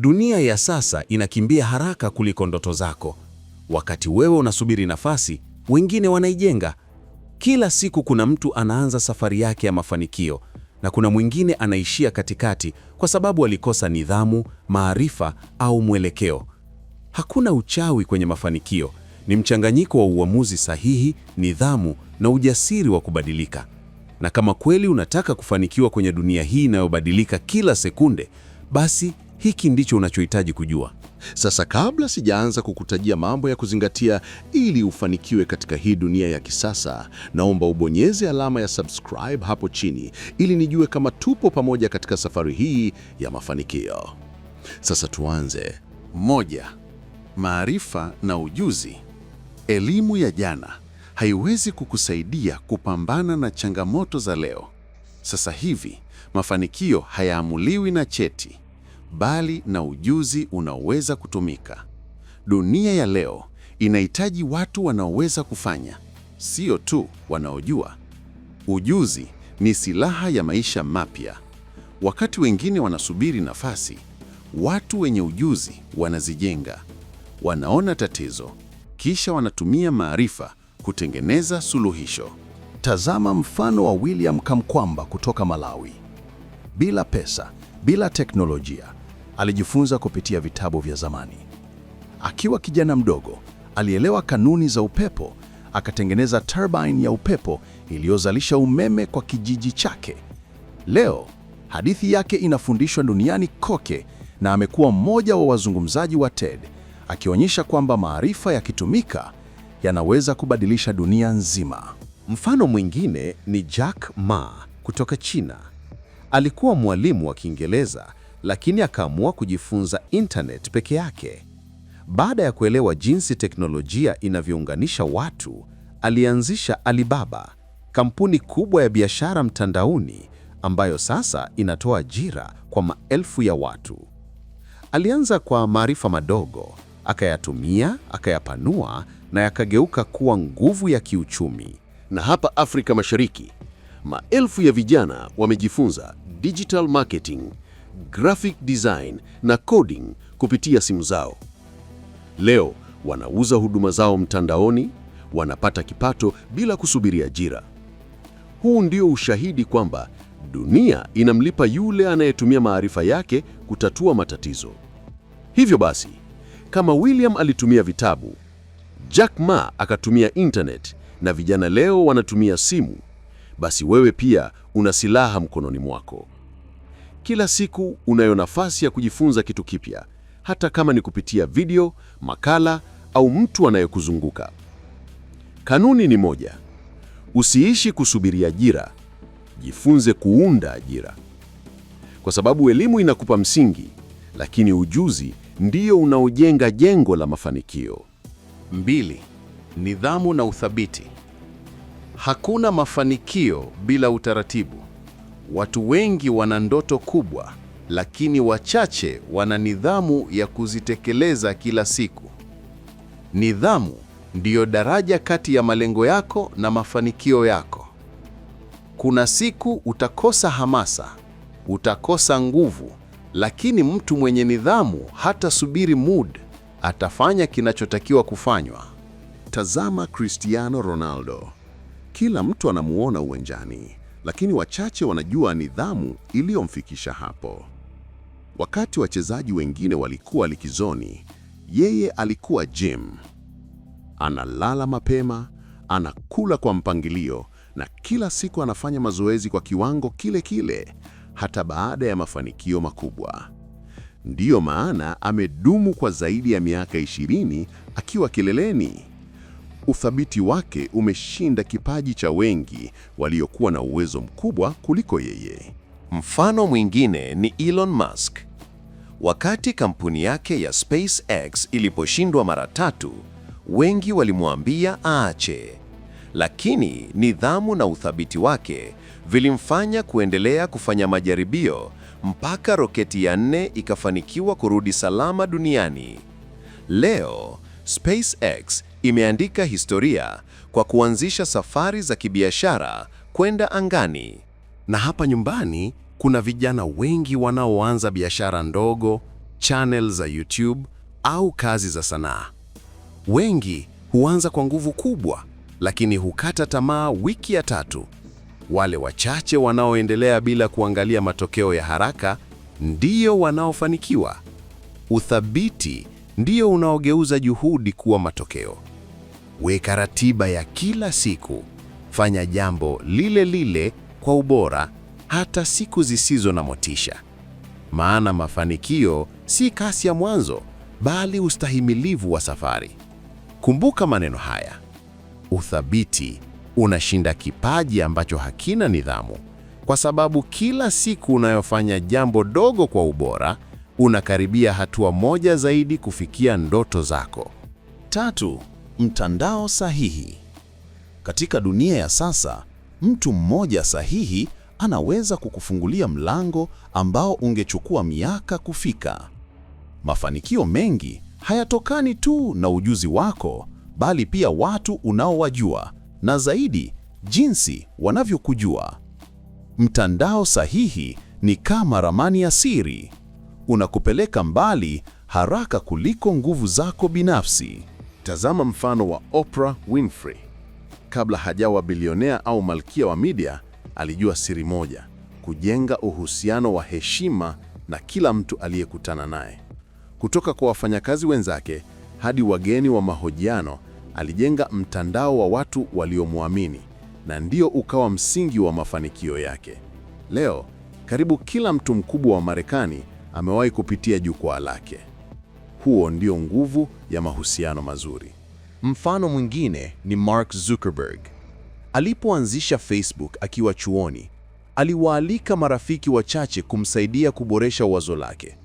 Dunia ya sasa inakimbia haraka kuliko ndoto zako. Wakati wewe unasubiri nafasi, wengine wanaijenga. Kila siku kuna mtu anaanza safari yake ya mafanikio na kuna mwingine anaishia katikati kwa sababu alikosa nidhamu, maarifa au mwelekeo. Hakuna uchawi kwenye mafanikio, ni mchanganyiko wa uamuzi sahihi, nidhamu na ujasiri wa kubadilika. Na kama kweli unataka kufanikiwa kwenye dunia hii inayobadilika kila sekunde, basi hiki ndicho unachohitaji kujua. Sasa, kabla sijaanza kukutajia mambo ya kuzingatia ili ufanikiwe katika hii dunia ya kisasa, naomba ubonyeze alama ya subscribe hapo chini ili nijue kama tupo pamoja katika safari hii ya mafanikio. Sasa tuanze. Moja, maarifa na ujuzi. Elimu ya jana haiwezi kukusaidia kupambana na changamoto za leo. Sasa hivi mafanikio hayaamuliwi na cheti bali na ujuzi unaoweza kutumika. Dunia ya leo inahitaji watu wanaoweza kufanya, sio tu wanaojua. Ujuzi ni silaha ya maisha mapya. Wakati wengine wanasubiri nafasi, watu wenye ujuzi wanazijenga. Wanaona tatizo, kisha wanatumia maarifa kutengeneza suluhisho. Tazama mfano wa William Kamkwamba kutoka Malawi. Bila pesa, bila teknolojia, alijifunza kupitia vitabu vya zamani. Akiwa kijana mdogo, alielewa kanuni za upepo, akatengeneza turbine ya upepo iliyozalisha umeme kwa kijiji chake. Leo hadithi yake inafundishwa duniani koke na amekuwa mmoja wa wazungumzaji wa TED, akionyesha kwamba maarifa yakitumika yanaweza kubadilisha dunia nzima. Mfano mwingine ni Jack Ma kutoka China. Alikuwa mwalimu wa Kiingereza lakini akaamua kujifunza internet peke yake. Baada ya kuelewa jinsi teknolojia inavyounganisha watu, alianzisha Alibaba, kampuni kubwa ya biashara mtandaoni ambayo sasa inatoa ajira kwa maelfu ya watu. Alianza kwa maarifa madogo, akayatumia, akayapanua na yakageuka kuwa nguvu ya kiuchumi. Na hapa Afrika Mashariki, maelfu ya vijana wamejifunza digital marketing graphic design na coding kupitia simu zao. Leo wanauza huduma zao mtandaoni, wanapata kipato bila kusubiri ajira. Huu ndio ushahidi kwamba dunia inamlipa yule anayetumia maarifa yake kutatua matatizo. Hivyo basi, kama William alitumia vitabu, Jack Ma akatumia internet na vijana leo wanatumia simu, basi wewe pia una silaha mkononi mwako. Kila siku unayo nafasi ya kujifunza kitu kipya, hata kama ni kupitia video, makala au mtu anayekuzunguka. Kanuni ni moja: usiishi kusubiri ajira, jifunze kuunda ajira, kwa sababu elimu inakupa msingi, lakini ujuzi ndio unaojenga jengo la mafanikio. Mbili, nidhamu na uthabiti. Hakuna mafanikio bila utaratibu. Watu wengi wana ndoto kubwa, lakini wachache wana nidhamu ya kuzitekeleza kila siku. Nidhamu ndiyo daraja kati ya malengo yako na mafanikio yako. Kuna siku utakosa hamasa, utakosa nguvu, lakini mtu mwenye nidhamu hatasubiri mood, atafanya kinachotakiwa kufanywa. Tazama Cristiano Ronaldo. Kila mtu anamuona uwanjani lakini wachache wanajua nidhamu iliyomfikisha hapo. Wakati wachezaji wengine walikuwa likizoni, yeye alikuwa gym. Analala mapema, anakula kwa mpangilio na kila siku anafanya mazoezi kwa kiwango kile kile hata baada ya mafanikio makubwa. Ndiyo maana amedumu kwa zaidi ya miaka 20 akiwa kileleni. Uthabiti wake umeshinda kipaji cha wengi waliokuwa na uwezo mkubwa kuliko yeye. Mfano mwingine ni Elon Musk. Wakati kampuni yake ya SpaceX iliposhindwa mara tatu, wengi walimwambia aache. Lakini nidhamu na uthabiti wake vilimfanya kuendelea kufanya majaribio mpaka roketi ya nne ikafanikiwa kurudi salama duniani. Leo SpaceX imeandika historia kwa kuanzisha safari za kibiashara kwenda angani. Na hapa nyumbani kuna vijana wengi wanaoanza biashara ndogo, channel za YouTube au kazi za sanaa. Wengi huanza kwa nguvu kubwa, lakini hukata tamaa wiki ya tatu. Wale wachache wanaoendelea bila kuangalia matokeo ya haraka ndiyo wanaofanikiwa. Uthabiti ndiyo unaogeuza juhudi kuwa matokeo. Weka ratiba ya kila siku. Fanya jambo lile lile kwa ubora hata siku zisizo na motisha. Maana mafanikio si kasi ya mwanzo, bali ustahimilivu wa safari. Kumbuka maneno haya. Uthabiti unashinda kipaji ambacho hakina nidhamu, kwa sababu kila siku unayofanya jambo dogo kwa ubora, unakaribia hatua moja zaidi kufikia ndoto zako. Tatu, Mtandao sahihi. Katika dunia ya sasa, mtu mmoja sahihi anaweza kukufungulia mlango ambao ungechukua miaka kufika. Mafanikio mengi hayatokani tu na ujuzi wako, bali pia watu unaowajua na zaidi, jinsi wanavyokujua. Mtandao sahihi ni kama ramani ya siri, unakupeleka mbali haraka kuliko nguvu zako binafsi. Tazama mfano wa Oprah Winfrey. Kabla hajawa bilionea au malkia wa media, alijua siri moja: kujenga uhusiano wa heshima na kila mtu aliyekutana naye. Kutoka kwa wafanyakazi wenzake hadi wageni wa mahojiano, alijenga mtandao wa watu waliomwamini, na ndio ukawa msingi wa mafanikio yake. Leo karibu kila mtu mkubwa wa Marekani amewahi kupitia jukwaa lake huo ndio nguvu ya mahusiano mazuri. Mfano mwingine ni Mark Zuckerberg. Alipoanzisha Facebook akiwa chuoni, aliwaalika marafiki wachache kumsaidia kuboresha wazo lake.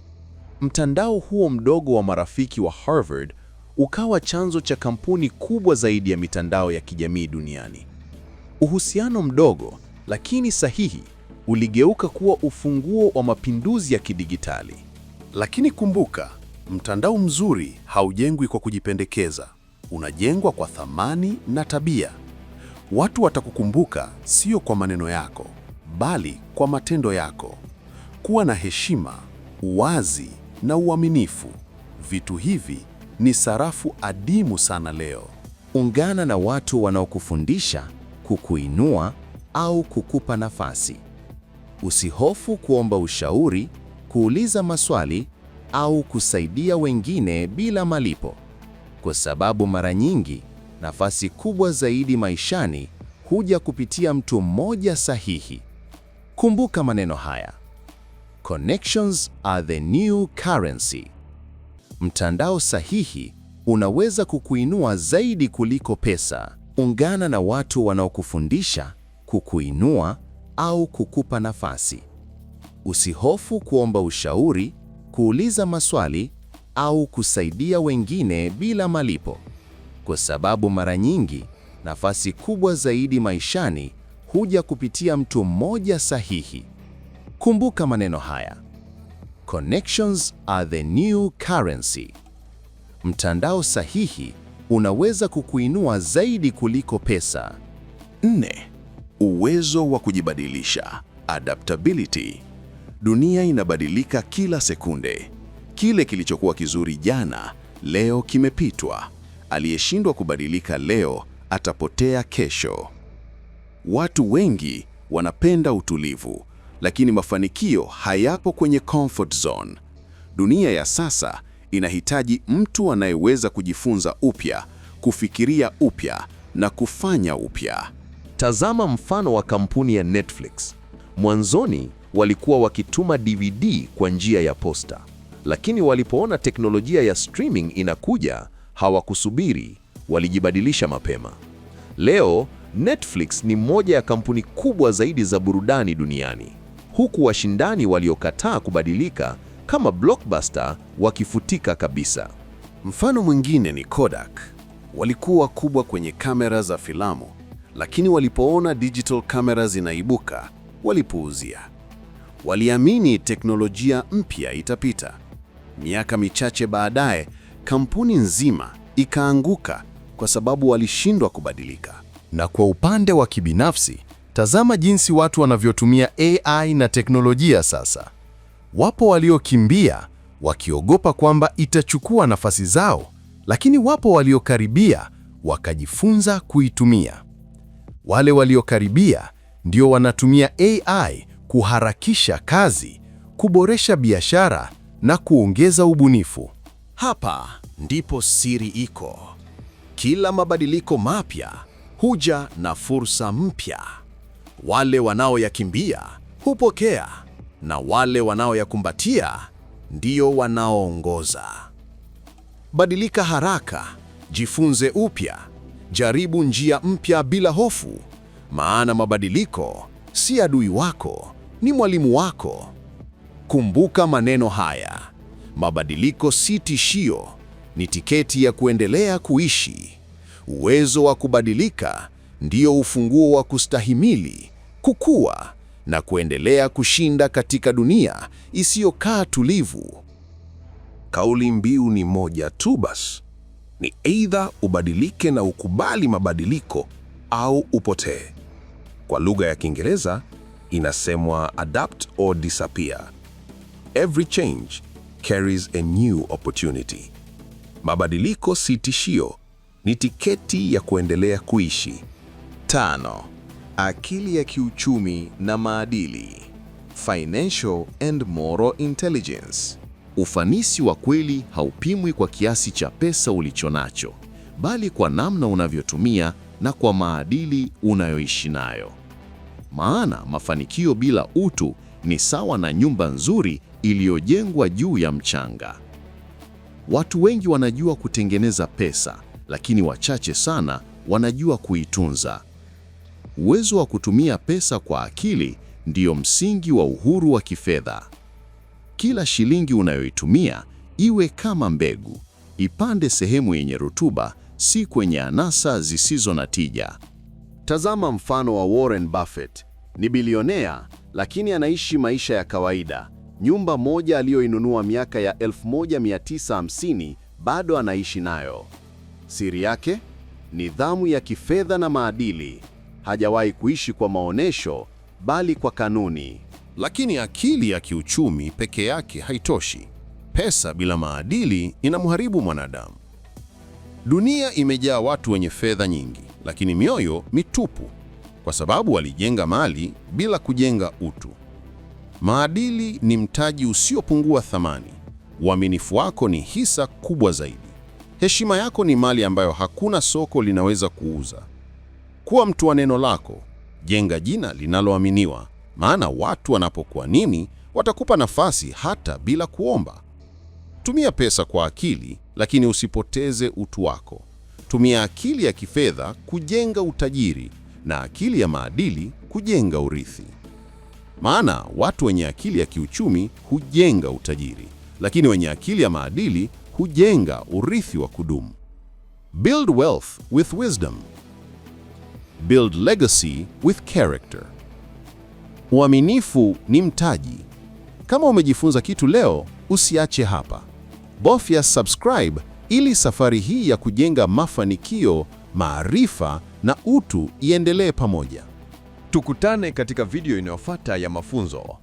Mtandao huo mdogo wa marafiki wa Harvard ukawa chanzo cha kampuni kubwa zaidi ya mitandao ya kijamii duniani. Uhusiano mdogo lakini sahihi uligeuka kuwa ufunguo wa mapinduzi ya kidigitali. Lakini kumbuka, Mtandao mzuri haujengwi kwa kujipendekeza, unajengwa kwa thamani na tabia. Watu watakukumbuka sio kwa maneno yako, bali kwa matendo yako. Kuwa na heshima, uwazi na uaminifu, vitu hivi ni sarafu adimu sana leo. Ungana na watu wanaokufundisha, kukuinua au kukupa nafasi. Usihofu kuomba ushauri, kuuliza maswali au kusaidia wengine bila malipo, kwa sababu mara nyingi nafasi kubwa zaidi maishani huja kupitia mtu mmoja sahihi. Kumbuka maneno haya, connections are the new currency. Mtandao sahihi unaweza kukuinua zaidi kuliko pesa. Ungana na watu wanaokufundisha, kukuinua au kukupa nafasi. Usihofu kuomba ushauri kuuliza maswali au kusaidia wengine bila malipo, kwa sababu mara nyingi nafasi kubwa zaidi maishani huja kupitia mtu mmoja sahihi. Kumbuka maneno haya, connections are the new currency. Mtandao sahihi unaweza kukuinua zaidi kuliko pesa. Nne, uwezo wa kujibadilisha, adaptability. Dunia inabadilika kila sekunde. Kile kilichokuwa kizuri jana, leo kimepitwa. Aliyeshindwa kubadilika leo atapotea kesho. Watu wengi wanapenda utulivu, lakini mafanikio hayapo kwenye comfort zone. Dunia ya sasa inahitaji mtu anayeweza kujifunza upya, kufikiria upya na kufanya upya. Tazama mfano wa kampuni ya Netflix. Mwanzoni walikuwa wakituma DVD kwa njia ya posta, lakini walipoona teknolojia ya streaming inakuja, hawakusubiri, walijibadilisha mapema. Leo Netflix ni moja ya kampuni kubwa zaidi za burudani duniani, huku washindani waliokataa kubadilika kama Blockbuster wakifutika kabisa. Mfano mwingine ni Kodak. Walikuwa kubwa kwenye kamera za filamu, lakini walipoona digital kamera zinaibuka, walipuuzia. Waliamini teknolojia mpya itapita. Miaka michache baadaye, kampuni nzima ikaanguka kwa sababu walishindwa kubadilika. Na kwa upande wa kibinafsi, tazama jinsi watu wanavyotumia AI na teknolojia sasa. Wapo waliokimbia wakiogopa kwamba itachukua nafasi zao, lakini wapo waliokaribia wakajifunza kuitumia. Wale waliokaribia ndio wanatumia AI kuharakisha kazi, kuboresha biashara na kuongeza ubunifu. Hapa ndipo siri iko. Kila mabadiliko mapya huja na fursa mpya. Wale wanaoyakimbia hupokea na wale wanaoyakumbatia ndio wanaoongoza. Badilika haraka, jifunze upya, jaribu njia mpya bila hofu, maana mabadiliko si adui wako, ni mwalimu wako. Kumbuka maneno haya: mabadiliko si tishio, ni tiketi ya kuendelea kuishi. Uwezo wa kubadilika ndio ufunguo wa kustahimili, kukua na kuendelea kushinda katika dunia isiyokaa tulivu. Kauli mbiu ni moja tu basi, ni aidha ubadilike na ukubali mabadiliko au upotee. Kwa lugha ya Kiingereza inasemwa adapt or disappear. Every change carries a new opportunity. Mabadiliko si tishio, ni tiketi ya kuendelea kuishi. Tano, akili ya kiuchumi na maadili, financial and moral intelligence. Ufanisi wa kweli haupimwi kwa kiasi cha pesa ulichonacho, bali kwa namna unavyotumia na kwa maadili unayoishi nayo maana mafanikio bila utu ni sawa na nyumba nzuri iliyojengwa juu ya mchanga. Watu wengi wanajua kutengeneza pesa, lakini wachache sana wanajua kuitunza. Uwezo wa kutumia pesa kwa akili ndiyo msingi wa uhuru wa kifedha. Kila shilingi unayoitumia iwe kama mbegu, ipande sehemu yenye rutuba, si kwenye anasa zisizo na tija. Tazama mfano wa Warren Buffett. Ni bilionea lakini anaishi maisha ya kawaida. Nyumba moja aliyoinunua miaka ya 1950 bado anaishi nayo. Siri yake? Nidhamu ya kifedha na maadili. Hajawahi kuishi kwa maonesho, bali kwa kanuni. Lakini akili ya kiuchumi peke yake haitoshi. Pesa bila maadili inamharibu mwanadamu. Dunia imejaa watu wenye fedha nyingi, lakini mioyo mitupu, kwa sababu walijenga mali bila kujenga utu. Maadili ni mtaji usiopungua thamani. Uaminifu wako ni hisa kubwa zaidi. Heshima yako ni mali ambayo hakuna soko linaweza kuuza. Kuwa mtu wa neno lako, jenga jina linaloaminiwa, maana watu wanapokuamini watakupa nafasi hata bila kuomba. Tumia pesa kwa akili, lakini usipoteze utu wako. Tumia akili ya kifedha kujenga utajiri na akili ya maadili kujenga urithi. Maana watu wenye akili ya kiuchumi hujenga utajiri, lakini wenye akili ya maadili hujenga urithi wa kudumu. Build wealth with wisdom. Build legacy with character. Uaminifu ni mtaji. Kama umejifunza kitu leo, usiache hapa. Bofya subscribe ili safari hii ya kujenga mafanikio, maarifa na utu iendelee pamoja. Tukutane katika video inayofuata ya mafunzo.